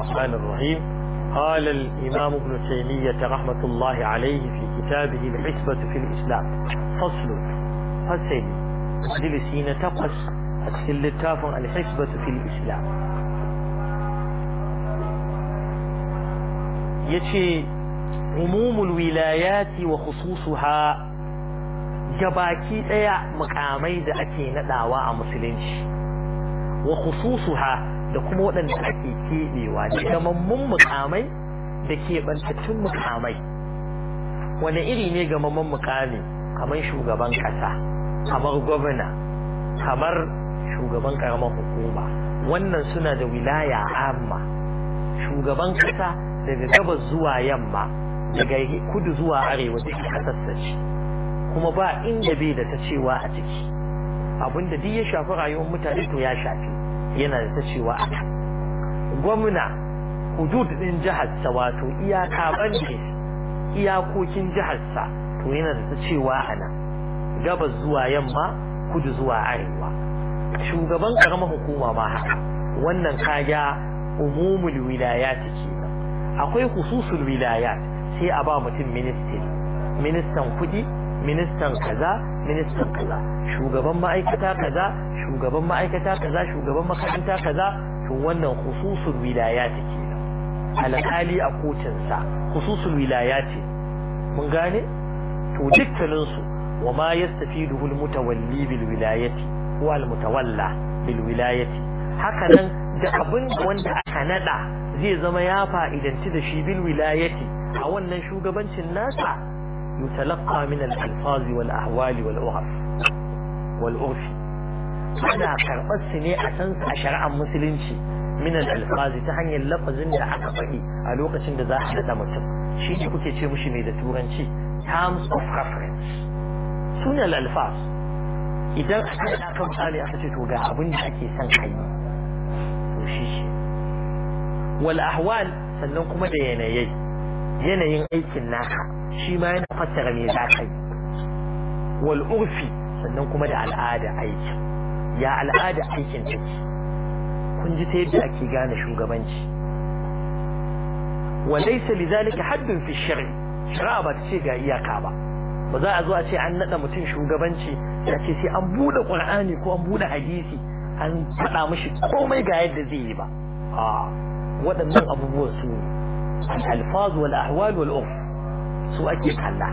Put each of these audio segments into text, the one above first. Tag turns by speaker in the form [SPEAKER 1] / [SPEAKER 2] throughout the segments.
[SPEAKER 1] الرحمن الرحيم قال الإمام ابن تيمية رحمة الله عليه في كتابه الحسبة في الإسلام فصل فصل تقص نتقص السلتاف الحسبة في الإسلام يتي عموم الولايات وخصوصها جباكي ايا مقامي ذا اكي ندعوا مسلمش وخصوصها da kuma waɗanda ake keɓewa da mun mukamai da keɓantattun mukamai wani iri ne ga mamman mukami kamar shugaban ƙasa kamar gwamna kamar shugaban ƙaramar hukuma wannan suna da wilaya amma shugaban ƙasa daga gabas zuwa yamma daga kudu zuwa arewa duk ƙasarsa kuma ba inda bai da ta cewa a ciki abinda duk ya shafi rayuwar mutane to ya shafi yana da ta cewa aka gwamna hudud din jiharsa wato iyaka bande iyakokin sa, to yana da ta cewa ana gabas zuwa yamma kudu zuwa arewa shugaban karamar hukuma ma haka wannan kaga umumul wilayat ce akwai kususun wilayat sai a ba mutum ministry ministan kudi ministan kaza ministan kaza shugaban ma'aikata kaza shugaban ma'aikata kaza shugaban makaranta kaza to wannan khususul wilayati kenan alƙali a kotunsa khususul ce, mun gane to dukkaninsu wa ma yastafiduhu almutawalli bil wilayati wa almutawalla bil wilayati haka nan da abin wanda aka nada zai zama ya fa'idanci da shi bil wilayati a wannan shugabancin nasa يتلقى من الألفاظ والأحوال والأعرف والأرف أنا كربت سنة أسنس أشرع مسلم شي من الألفاظ تحني اللفظ إن أكفئي ألوك سند ذا حدد متب شيء كنت شيء مش ميدة تورنشي terms of reference سنة الألفاظ إذا أنا كم سالي أخذت وقع أبن حكي سنحي وشيشي والأحوال sannan kuma da yanayi yanayin aikin naka shi ma yana fassara me za ka yi wal urfi sannan kuma da al'ada aiki ya al'ada aikin take kun ji ta yadda ake gane shugabanci wa laysa lidhalika haddun fi shar'i shari'a ba ta ce ga iyaka ba ba za a zo a ce an nada mutum shugabanci ya ce sai an bude qur'ani ko an bude hadisi an faɗa mishi komai ga yadda zai yi ba a waɗannan abubuwan su ne الألفاظ والأحوال والأرف su ake kalla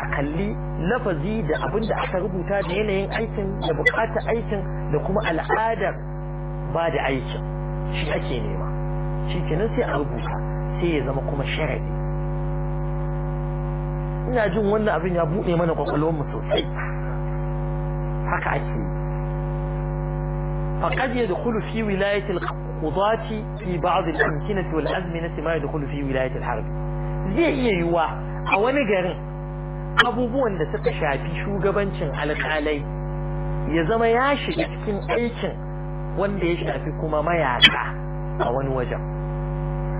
[SPEAKER 1] a kalli lafazi da abin da aka rubuta da yanayin aikin da bukatar aikin da kuma al'adar ba da aikin shi ake nema shi kenan sai a rubuta sai ya zama kuma sharadi ina jin wannan abin ya buɗe mana mu sosai haka ake yi faƙad ya da fi wilayatul القضاة في بعض الأمكنة والأزمنة ما يدخل في ولاية الحرب zai iya yiwuwa a wani garin abubuwan da suka shafi shugabancin alƙalai ya zama ya cikin aikin wanda ya shafi kuma mayaka a wani wajen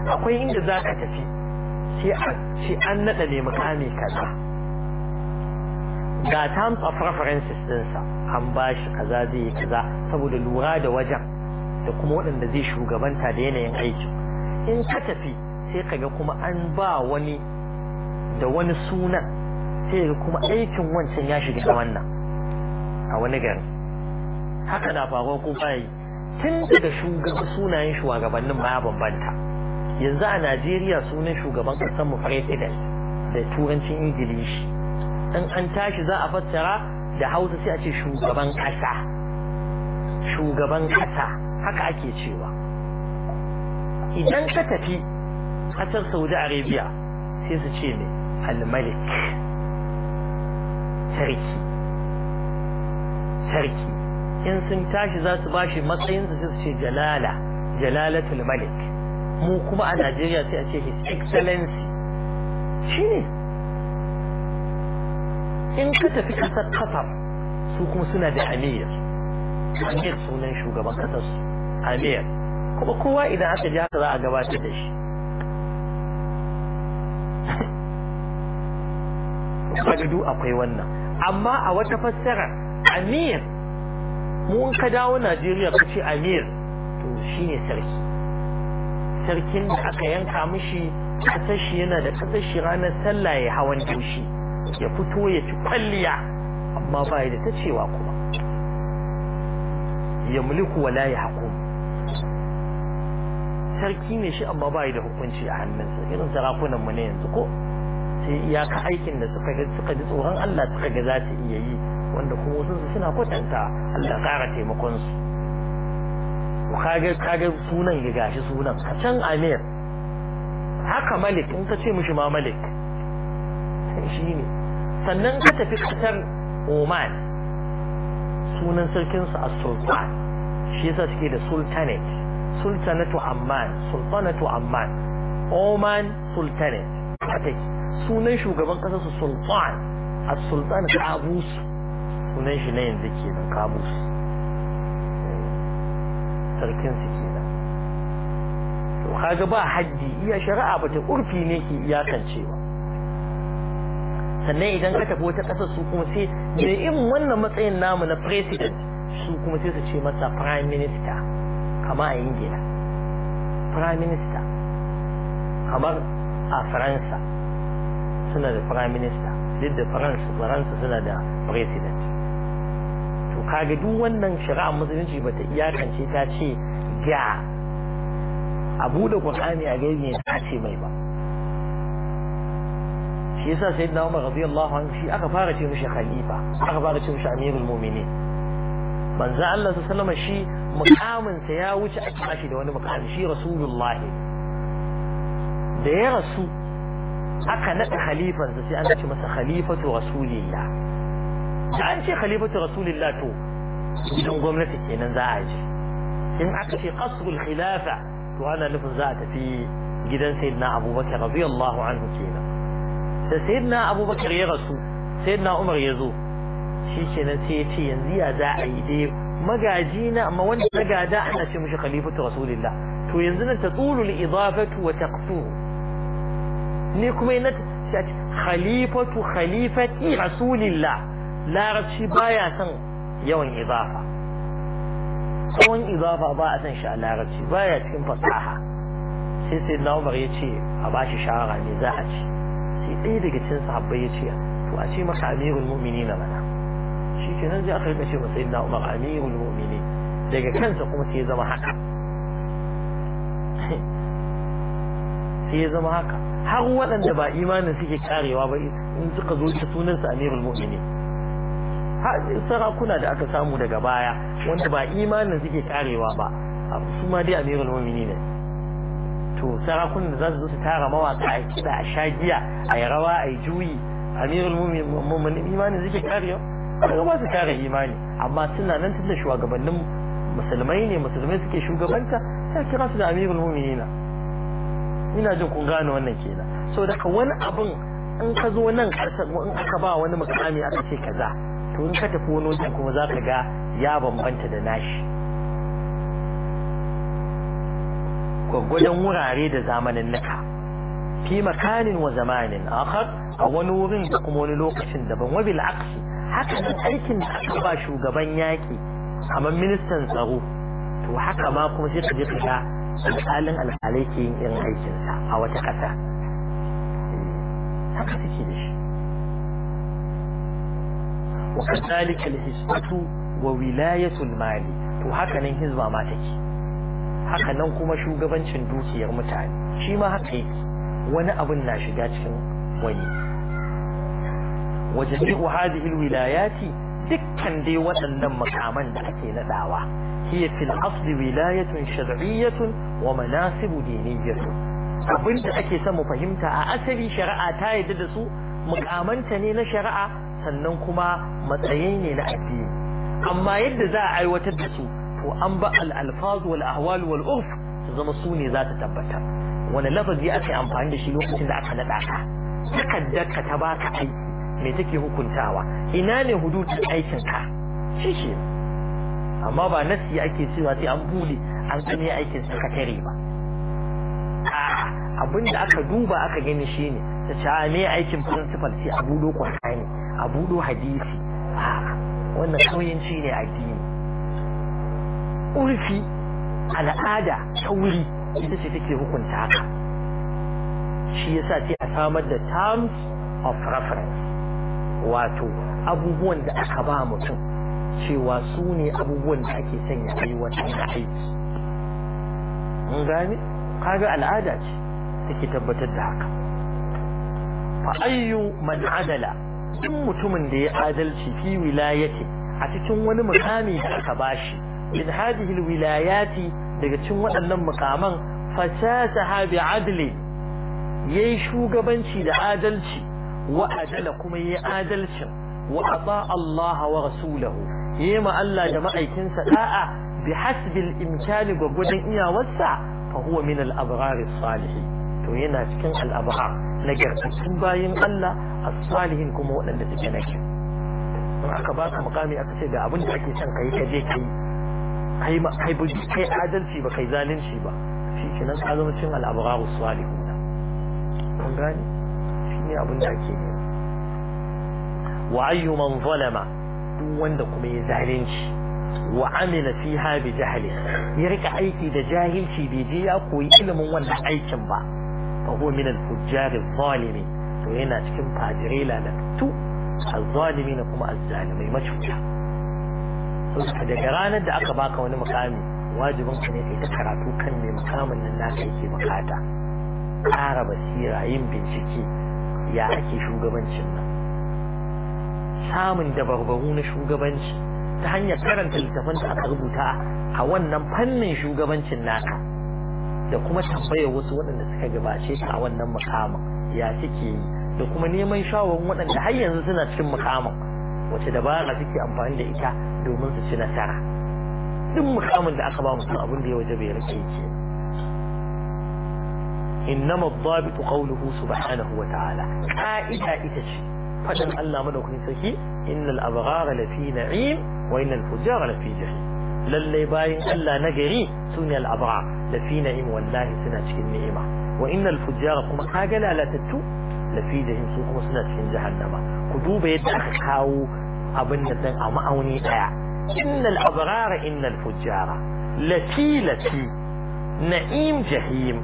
[SPEAKER 1] akwai inda za ka tafi sai an naɗa ne mukami kaza ga terms of references ɗinsa an ba shi kaza zai yi kaza saboda lura da wajen da kuma waɗanda zai shugabanta da yanayin aikin in ka tafi sai ka ga kuma an ba wani da wani sunan sai ga kuma aikin wancan ya shiga da wannan a wani gari haka na faruwa ko bayi tun daga shugaban sunayen shugabannin ma ya bambanta yanzu a Najeriya sunan shugaban kasar mu president da turancin ingilishi in an tashi za a fassara da hausa sai a ce shugaban kasa shugaban kasa haka ake cewa idan ka tafi ƙasar saudi arabia sai su ce ne Al-malik. sarki sarki in sun tashi za su bashi matsayinsa sai su ce jalala jalalatul malik mu kuma a najeriya sai a ce his excellency shi ne in ka tafi ƙasar kafar su kuma suna da amir amir sunan shugaban kasar su amir kuma kowa idan aka ji haka za a gabatar da shi fagdu akwai wannan amma a wata fassara amir mu ka dawo najeriya ka ce amir to shine sarki sarkin da aka yanka mishi kasar shi yana da kasar shi ranar sallah ya hawan dushi ya fito ya ci kwalliya amma ba da ta cewa kuma yamliku wa la yahkum sarki ne shi amma bai da hukunci a hannunsa irin sarakunan mu ne yanzu ko sai iyaka aikin da suka ga suka ji tsoron Allah suka ga za ta iya yi wanda kuma wasu suna kwatanta Allah ƙara taimakon su kaga kaga sunan ga gashi sunan a can Amir haka Malik in ka ce mishi ma Malik shi ne sannan ka tafi kasar Oman sunan sarkinsu a sultan shi yasa suke da sultanate sultanatu amman sultanatu amman oman sultanate haka sunan shugaban kasar su sultan a sultan kabus sunan shi na yanzu kenan kabus sarkinsu ke nan. to kaga ba haddi iya shari'a bata urfi ne ke iyakancewa sannan idan ka tafi wata ƙasar su kuma sai da in wannan matsayin namu na president su kuma sai su ce masa prime minister kama a ingila prime minister kamar a faransa suna da prime minister duk da faransa faransa suna da president to kaga duk wannan shari'a musulunci bata iyakance ta ce ga abu da kwakwani a gaibe ta ce mai ba shi yasa sayyidina Umar radiyallahu anhu shi aka fara ce mishi khalifa aka fara ce mishi amirul mu'minin manzo Allah sallallahu alaihi shi mukamin sa ya wuce a kira da wani mukami shi rasulullahi da ya rasu aka nada khalifan sa sai an ce masa khalifatu rasulillah da an ce khalifatu rasulillah to gidan gwamnati kenan za a ji in aka ce qasrul khilafa to ana nufin za a tafi gidan sayyidina Abubakar radiyallahu anhu kenan da sayyidina abubakar ya rasu sayyidina umar ya zo shi kenan sai ya ce yanzu ya za a yi dai magaji na amma wanda na gada ana ce mishi khalifatu rasulillah to yanzu nan ta tsulu li idafatu wa taqsuru ni kuma yana ta khalifatu khalifati rasulillah larabci baya son yawan idafa tsawon idafa ba a san shi a larabci baya cikin fasaha sai sai na umar ya ce a bashi shawara me za a ce sai ɗaya daga cikin sahabbai ya ce to a ce maka amirul mu'mini na mana shi ke nan sai aka rika ce sai na umar amirul mu'mini daga kansa kuma sai ya zama haka sai ya zama haka har waɗanda ba imanin suke karewa ba in suka zo ta sunansa amirul mu'mini sarakuna da aka samu daga baya wanda ba imanin suke karewa ba su ma dai amirul mu'mini ne to sarakun da za su zo su tara mawaka a kiɗa a shagiya a yi rawa a yi juyi amirul mumin imanin zai kariya daga ba su kare imani amma suna nan da shugabannin musulmai ne musulmai suke shugabanta ta kira su da amirul muminina ina jin kun gane wannan kenan so daga wani abin in ka zo nan in aka ba wani mukami aka ce kaza to in ka tafi wani wajen kuma za ka ga ya bambanta da nashi gwaggwadon wurare da zamanin fi makanin wa zamanin akhar a wani wurin da kuma wani lokacin daban wa bil aksi haka nan aikin da aka ba shugaban yaki kamar ministan tsaro to haka ma kuma sai ka je ka ga alƙalin alƙalai ke yin irin aikinsa a wata ƙasa eh, haka take da shi وكذلك mali to المال وهكذا الحزبة ما تجي haka nan kuma shugabancin dukiyar mutane shi ma haka yake wani abin na shiga cikin wani wajen ji'u hadihil wilayati dukkan dai waɗannan makaman da ake naɗawa hiya fil asli wilayatun shar'iyyatun wa manasibu diniyyatun abin da ake son mu fahimta a asali shari'a ta yadda da su mukamanta ne na shari'a sannan kuma matsayi ne na addini amma yadda za a aiwatar da su Ko an ba al-alfaz wal ahwal wal urf zama su ne za ta tabbatar wani lafazi aka yi amfani da shi lokacin da aka naɗa ka takaddar ka ta baka aiki me take hukuntawa ina ne hududin aikin ka shi shi amma ba nasi ake cewa sai an bude an gani aikin sakatare ba abin da aka duba aka gani shine ta ce a me aikin principal sai a budo qur'ani a budo hadisi wannan kauyanci ne addini urfi al'ada ta wuri ita ce take hukunta haka shi yasa sai a samar da terms of reference wato abubuwan da aka ba mutum cewa su ne abubuwan da ake sanya aiwatar da aiki mun gane kaga al'ada ce take tabbatar da haka fa ayyu man adala in mutumin da ya adalci fi wilayati a cikin wani mukami da aka bashi min hadhihi alwilayati daga cikin waɗannan mukaman fasasaha bi adli yayi shugabanci da adalci wa adala kuma yayi adalcin wa ata Allah wa rasulahu yayi ma Allah da ma'aikinsa da'a bi hasbi al-imkani gwagwadon iyawarsa fa huwa min al-abrar as-salihin to yana cikin al-abrar na garkacin bayin Allah as-salihin kuma waɗanda suke nake in aka baka mukami aka ce ga abin da ake son kai ka je kai kai adalci ba kai zalunci ba shi kenan ka zama cin al'abraru salihuna kun gane shi ne abin da ake yi wa ayyu man zalama duk wanda kuma ya zalunci wa amila fiha bi jahli ya rika aiki da jahilci bai je ya koyi ilimin wannan aikin ba fa huwa min al-fujjar al-zalimi to yana cikin fajirai lalatu al-zalimi na kuma al-zalimai macuta daga ranar da aka baka wani mukami wajibin ka ne kai ta karatu kan mai mukamin nan naka yake bukata ƙara basira yin bincike ya ake shugabancin nan samun dabarbaru na shugabanci ta hanyar karanta littafin da aka rubuta a wannan fannin shugabancin naka da kuma tambayar wasu waɗanda suka gabace ta a wannan mukamin ya suke yi da kuma neman shawarwarin waɗanda har yanzu suna cikin mukamin wace dabara suke amfani da ita domin su ci nasara duk mukamin da aka ba mutum abin da ya waje bai rike ke innama dhabitu qawluhu subhanahu wa ta'ala ka'ida ita ce fadin Allah madaukakin sarki innal abghara lafi na'im wa innal fujara lafi jahim lalle bayin Allah na gari sune al abghar lafi na'im wallahi suna cikin ni'ima wa innal fujara kuma kaga lalatattu lafi jahim su kuma suna cikin jahannama ku duba yadda aka kawo abin da a ma'auni ɗaya. innal abrara innal fujjara lati lati na'im jahim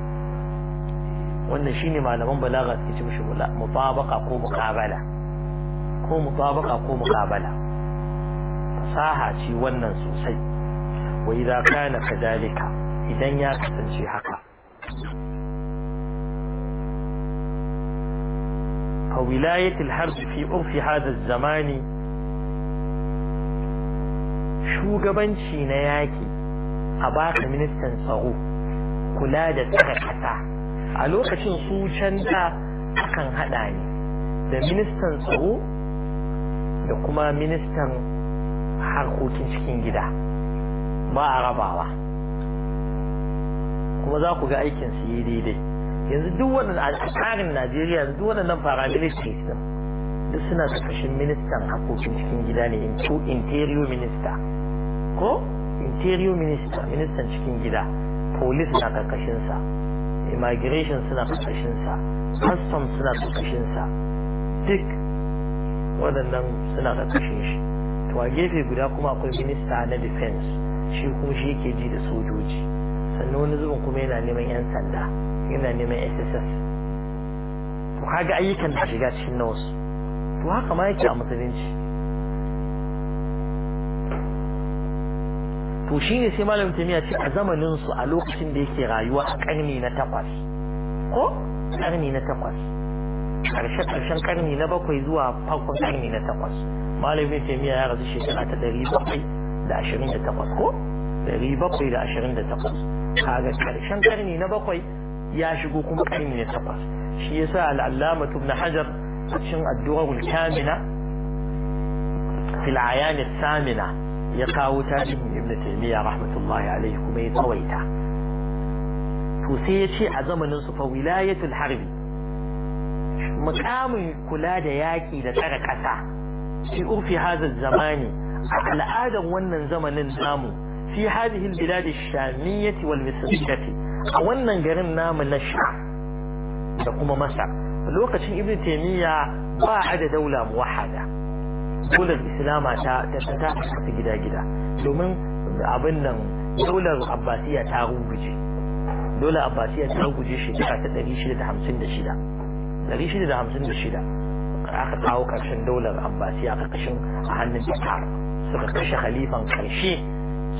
[SPEAKER 1] wannan shine malaman balaga suke ce mishi mutabaqa ko muqabala ko mutabaqa ko muqabala fasaha ce wannan sosai wa idza kana kadalika idan ya kasance haka فولاية الحرب في عرف هذا الزمان شو قبن شينياكي أباك من التنصغو كلادة تكتا ألوك تنصو شنطا أكن هداني da ministan tsaro da kuma ministan harkokin cikin gida ba a rabawa kuma za ku ga aikinsu yi daidai yanzu duk wannan a tsarin Najeriya yanzu duk wannan paramilitary din duk suna kashin ministan hakokin cikin gida ne Ko interior minister ko interior minister ministan cikin gida police na karkashin sa immigration suna karkashin sa customs suna karkashin sa duk waɗannan suna karkashin shi to a gefe guda kuma akwai minista na defense shi kuma shi yake ji da sojoji sannan wani zubin kuma yana neman yan sanda yana neman SSS to kaga ayyukan da shiga cikin na wasu to haka ma yake a musulunci to shi ne sai malam tamiya ce a zamanin su a lokacin da yake rayuwa a karni na takwas ko karni na takwas ƙarshen karshen karni na bakwai zuwa farkon karni na takwas malam tamiya ya rasu shekara ta ɗari bakwai da ashirin da takwas ko ɗari bakwai da ashirin da takwas kaga karshen karni na bakwai ya shigo kuma karni na takwas shi yasa al'allama na hajar cikin addu'ar kamina fil samina ya kawo tarihin ibn taymiya rahmatullahi alaihi kuma ya tsawaita to sai ya ce a zamanin su fa wilayatul harbi mukamin kula da yaƙi da tsare kasa fi urfi zamani a al'adar wannan zamanin namu fi hadhihi biladi sham'iyyati wal misriyah a wannan garin namu na sha da kuma masa, lokacin ibn taimiyya ba a da daula muwahada daular islama ta ta ta gida-gida domin abin nan daular abbasiya ta ruguje daular abbasiya ta ruguje shekara ta 656 656 aka kawo karshen daular abbasiya a karkashin a hannun tatar suka kashe khalifan karshe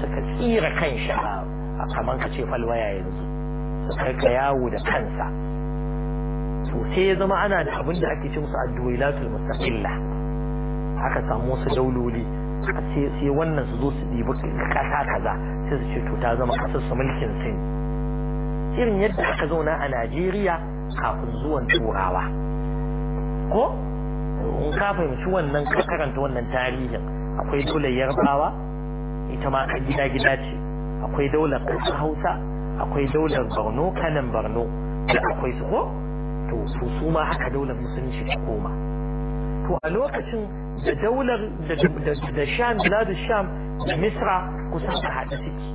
[SPEAKER 1] suka tsira kan shi a kamar ka ce falwaya yanzu karka yawo da kansa to sai ya zama ana da abin da ake ce musu addu'ailatul mustaqilla aka samu wasu dauloli sai wannan su zo su dibi kasa kaza sai su ce to ta zama kasar su mulkin sin irin yadda aka zauna a Najeriya kafin zuwan turawa ko in ka fahimci wannan karanta wannan tarihin akwai dole yarbawa ita ma gida gida ce akwai daular kasar hausa akwai daular borno kanan borno da akwai su to su ma haka daular musulunci ta koma to a lokacin da daular da sham biladu sham da misra kusan ka haɗa ciki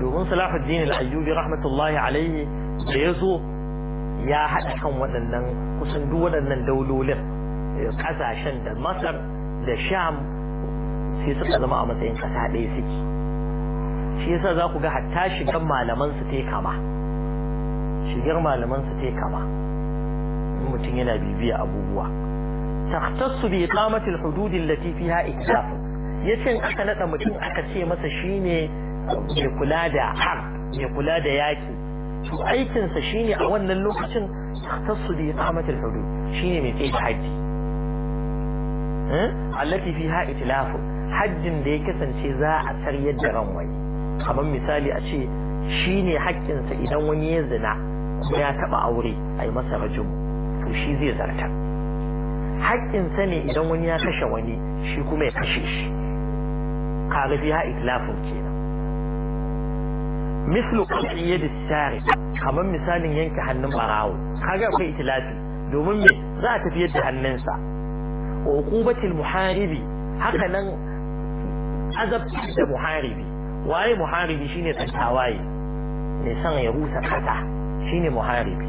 [SPEAKER 1] domin salahuddin al-ayyubi rahmatullahi alaihi da ya zo ya haɗa kan waɗannan kusan duk waɗannan daulolin eh, ƙasashen da masar da sham sai suka zama a matsayin ƙasa ɗaya suke shi yasa za ku ga hatta shigar malaman su te kama shigar malaman su te kama mutum yana bibiya abubuwa takhtassu bi iqamati alhudud allati fiha ikhtilaf yace aka nada mutum aka ce masa shine ke kula da haq ke kula da yaki to aikin sa shine a wannan lokacin takhtassu bi iqamati alhudud shine mai tsaye haji eh allati fiha ikhtilaf hajjin da ya kasance za a sarye da ranwai kamar misali a ce shi ne haƙƙinsa idan wani ya zina kuma ya taɓa aure a yi masa rajumu to shi zai zarta haƙƙinsa ne idan wani ya kashe wani shi kuma ya kashe shi karifi ha iklafin kenan mislu qat'i yadi sari kamar misalin yanke hannun barawo kaga akwai itilafi domin me za a tafi yadda hannunsa uqubatil muharibi haka nan azabtar da muharibi waye muharibi shine dan tawaye mai son ya rusa kasa shine muharibi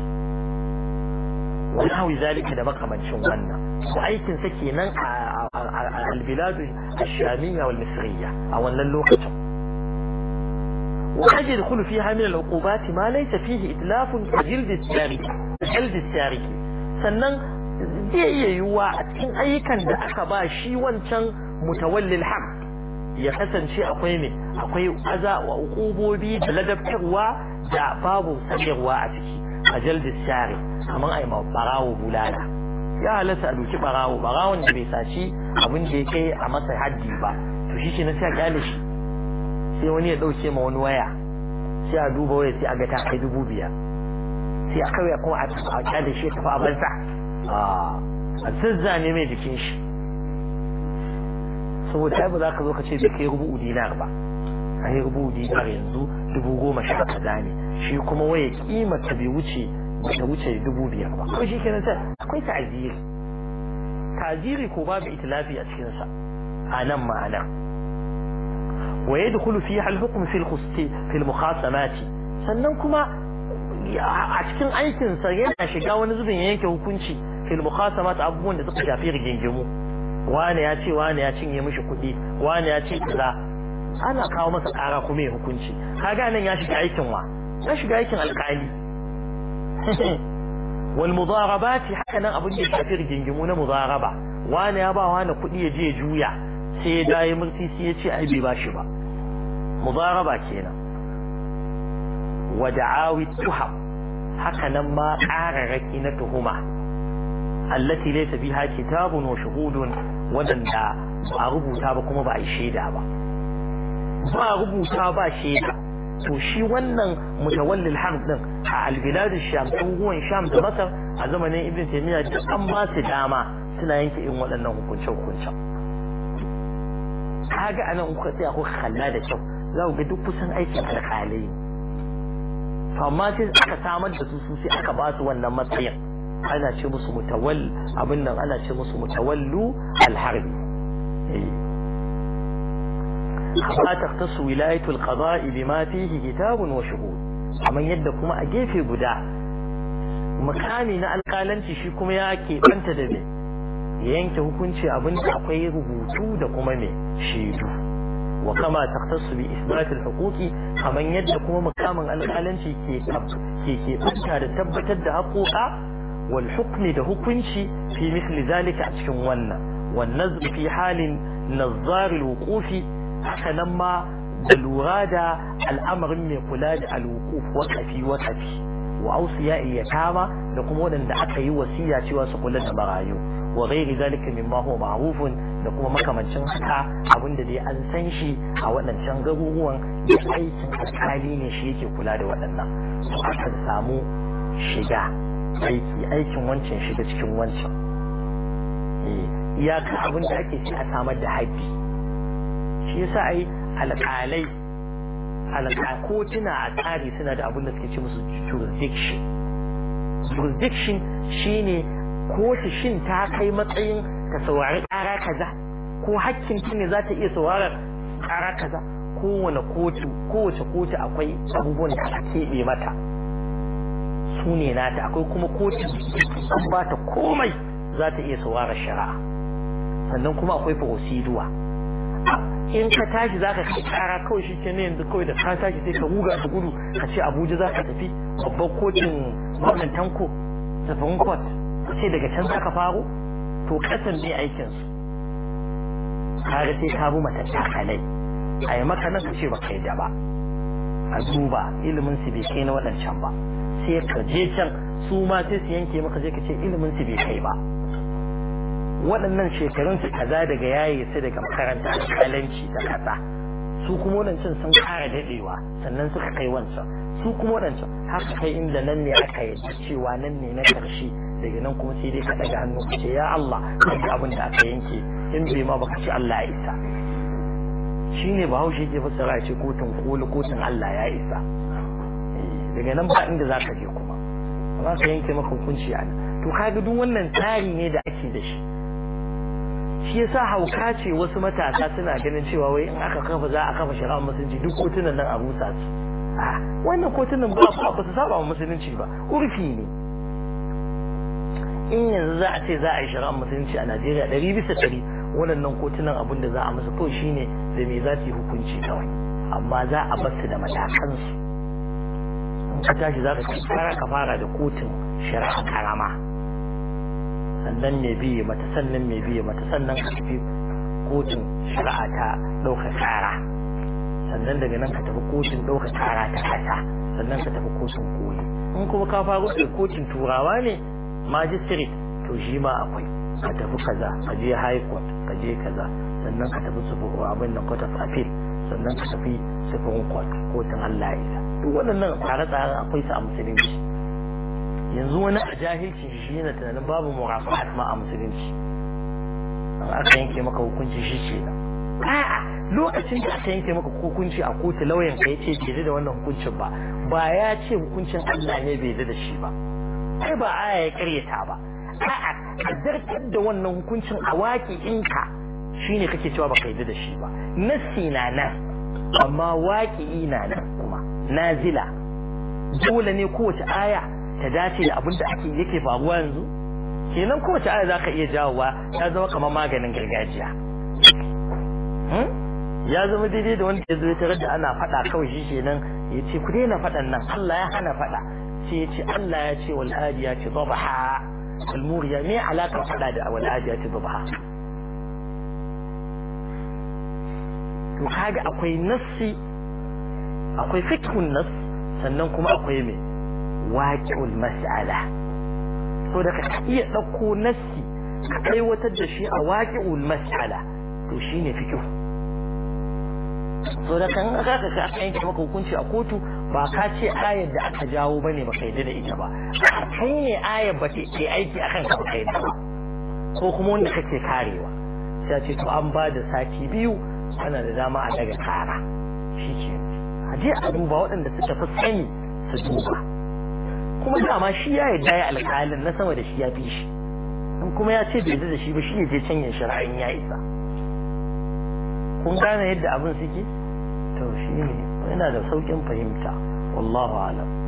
[SPEAKER 1] wani hawi zalika da makamancin wannan ko aikin sa kenan a albiladu الشامية والمصرية أو أن اللوحة وقد يدخل فيها من العقوبات ما ليس فيه إتلاف كجلد السارق كجلد السارق سنن zai iya yiwuwa a cikin ayyukan da aka ba shi wancan mutawallil haq ya kasance akwai ne akwai aza wa ukubobi da ladabtarwa da babu sanarwa a ciki a jaldis share kamar a yi barawo bulala ya halatta a doki barawo barawon da bai saci abin da ya kai a masa haddi ba to shi ke na sai a kyale shi sai wani ya ɗauke ma wani waya sai a duba waya sai a ga ta kai dubu biyar sai a kawai kuma a kyale shi ya tafi a banta ah, a zazzane mai jikin shi saboda ai ba za ka zo ka ce bai kai rubu'u dinar ba ai rubu'u dinar yanzu dubu goma sha kaza ne shi kuma waya kima ta bai wuce ba ta wuce dubu biyar ba ko shi kenan ta akwai ta'ziri ta'ziri ko babu itilafi a cikinsa a nan ma'ana wa yadkhulu fiha al-hukm fi al-khusti fi al-mukhasamati sannan kuma a cikin aikinsa yana shiga wani zubin yanke hukunci fil mukhasamat abubuwan da suka shafi rigingimu wane ya ce wane ya cinye mishi kuɗi wane ya ce kaza ana kawo masa ƙara kuma ya hukunci kaga nan ya shiga aikin wa ya shiga aikin alƙali wal mudarabati haka nan abin da ya shafi rigingimu na mudaraba wane ya ba wane kuɗi ya je ya juya sai ya dawo mulki sai ya ce ai bai ba shi ba mudaraba kenan wa da'awi tuha haka nan ma ƙararraki na tuhuma allati laysa biha kitabun wa shuhudun wadanda ba a rubuta ba kuma ba a shaida ba ba a rubuta ba shaida to shi wannan mutawallil harb din a albilad sham ruwan sham da masar a zamanin ibn taymiya duk an ba su dama suna yanke irin waɗannan hukunce hukuncen kaga anan kuka tsaya akwai kalla da kyau za ku ga duk kusan aikin alƙalai amma sai aka samar da su sai aka ba su wannan matsayin ana ce musu mutawal abin nan ana ce musu mutawallu alharbi kama eh. taktasu wilayatul qada'i bima fihi kitabun wa shuhud kamar yadda kuma a gefe guda mukami na alƙalanci shi kuma ya keɓanta da me yanke hukunci abin da akwai rubutu da kuma me shaidu wa kama taktasu bi isbatil huquqi kamar yadda kuma mukamin alƙalanci ke ke keɓanta da tabbatar da haƙoƙa wal hukmi da hukunci fi mithli zalika a cikin wannan wan nazr halin nazar al wuqufi haka nan ma da lura da al'amarin mai kula da al wuquf waqafi waqafi wa awsiya iyatama da kuma waɗanda aka yi wasiya su kula da marayu wa ghairi zalika mimma da kuma makamancin haka abinda dai an san shi a waɗancan garuruwan da aikin alkali ne shi yake kula da waɗannan su aka samu shiga aiki aikin wancan shiga cikin wancan eh, iyaka abin da ake shi a samar da haɗi shi yasa ai alƙalai ko kotuna a tsari suna da abin da suke ce musu jurisdiction jurisdiction shine kotu shin ta kai matsayin ka saurari ƙara kaza ko hakkin ne za ta iya saurari ƙara kaza kowane kotu kowace kotu akwai abubuwan da ake keɓe mata sune na nata akwai kuma kotu an ba ta komai za ta iya saurara shari'a sannan kuma akwai fahosiduwa in ka tashi za ka kai kara kawai shi ke yanzu kawai da ka tashi sai ka ruga da gudu ka ce abuja za ka tafi babban kotun gwamnan tanko da court ka ce daga can za ka faro to kasan ne aikinsu kare sai ka bi matattakalai a yi maka nan ka ce ba kai da ba a duba ilimin su bai kai na waɗancan ba sai ka je can su ma sai su yanke maka je ka ce ilimin su bai kai ba waɗannan shekarun su kaza daga yaye su daga makaranta da kalanci da kasa su kuma waɗancan sun kara daɗewa sannan suka kai wancan su kuma waɗancan haka kai inda nan ne aka yi cewa nan ne na ƙarshe daga nan kuma sai dai ka ɗaga hannu ka ce ya Allah kan abin da aka yanke in bai ma baka ce Allah ya isa shine bahaushe ke fasara ce kotun koli kotun Allah ya isa daga nan ba inda za ka je kuma ba ka yanke maka hukunci a nan to kaga duk wannan tsari ne da ake da shi shi yasa hauka ce wasu matasa suna ganin cewa wai in aka kafa za a kafa shari'ar musulunci duk kotunan nan a rusa su wannan kotunan ba ba su saba musulunci ba urfi ne in yanzu za a ce za a yi shari'ar musulunci a Najeriya ɗari bisa ɗari waɗannan kotunan abin da za a masa to shine da me za su yi hukunci kawai amma za a basu da matakansu ta ka tashi za ka fara ka fara da kotun shari'a karama sannan mai biye mata sannan mai biye mata sannan ka tafi kotun shari'a ta ɗaukar kara sannan daga nan ka tafi kotun ɗaukar kara ta kasa sannan ka tafi kotun koyi in kuma ka faru da kotun turawa ne magistrate to shi ma akwai ka tafi kaza ka je high court ka je kaza sannan ka tafi su abin da court of appeal sannan ka tafi sufuhun court kotun Allah ya duk waɗannan tsare-tsare akwai su a musulunci yanzu wani a jahilci shi yana tunanin babu murafa'at ma a musulunci an aka yanke maka hukunci shi ce a'a lokacin da aka yanke maka hukunci a kotu lauyan ka yace bai da wannan hukuncin ba ba ya ce hukuncin Allah ne bai da shi ba ai ba aya ya karyata ba a'a kaddartar da wannan hukuncin a waƙi inka shine kake cewa baka yi da shi ba nassi na nan amma waƙi na nan kuma nazila dole ne kowace aya ta dace da abin da ake yake faruwa yanzu kenan kowace aya zaka iya jawowa ta zama kamar maganin gargajiya hmm? ya zama daidai da wanda ya zo ya da ana faɗa kawai shi kenan ya ce ku daina faɗan nan Allah ya hana faɗa sai ya ce Allah ya ce wal adiyati dhabha al muriya me alaka faɗa da wal adiyati dhabha to kaga akwai nassi akwai fikhun nas sannan kuma akwai me waqi'ul mas'ala so da ka iya dauko nassi ka wata da shi a waqi'ul mas'ala to shine fikhu so da kan aka ka aka yanke maka hukunci a kotu ba ka ce ayar da aka jawo bane baka kai da ita ba kai ne ayar ba ta ke aiki akan ka kai ba ko kuma wanda kake karewa sai ce to an ba da sati biyu ana da dama a daga kara shi ke. je a duba waɗanda suka fi sani su duba kuma dama shi ya yarda ya alƙalin na sama da shi ya fi shi in kuma ya ce bai yarda da shi ba shi ya je can ya in ya isa kun gane yadda abin suke to shi ne yana da sauƙin fahimta wallahu alam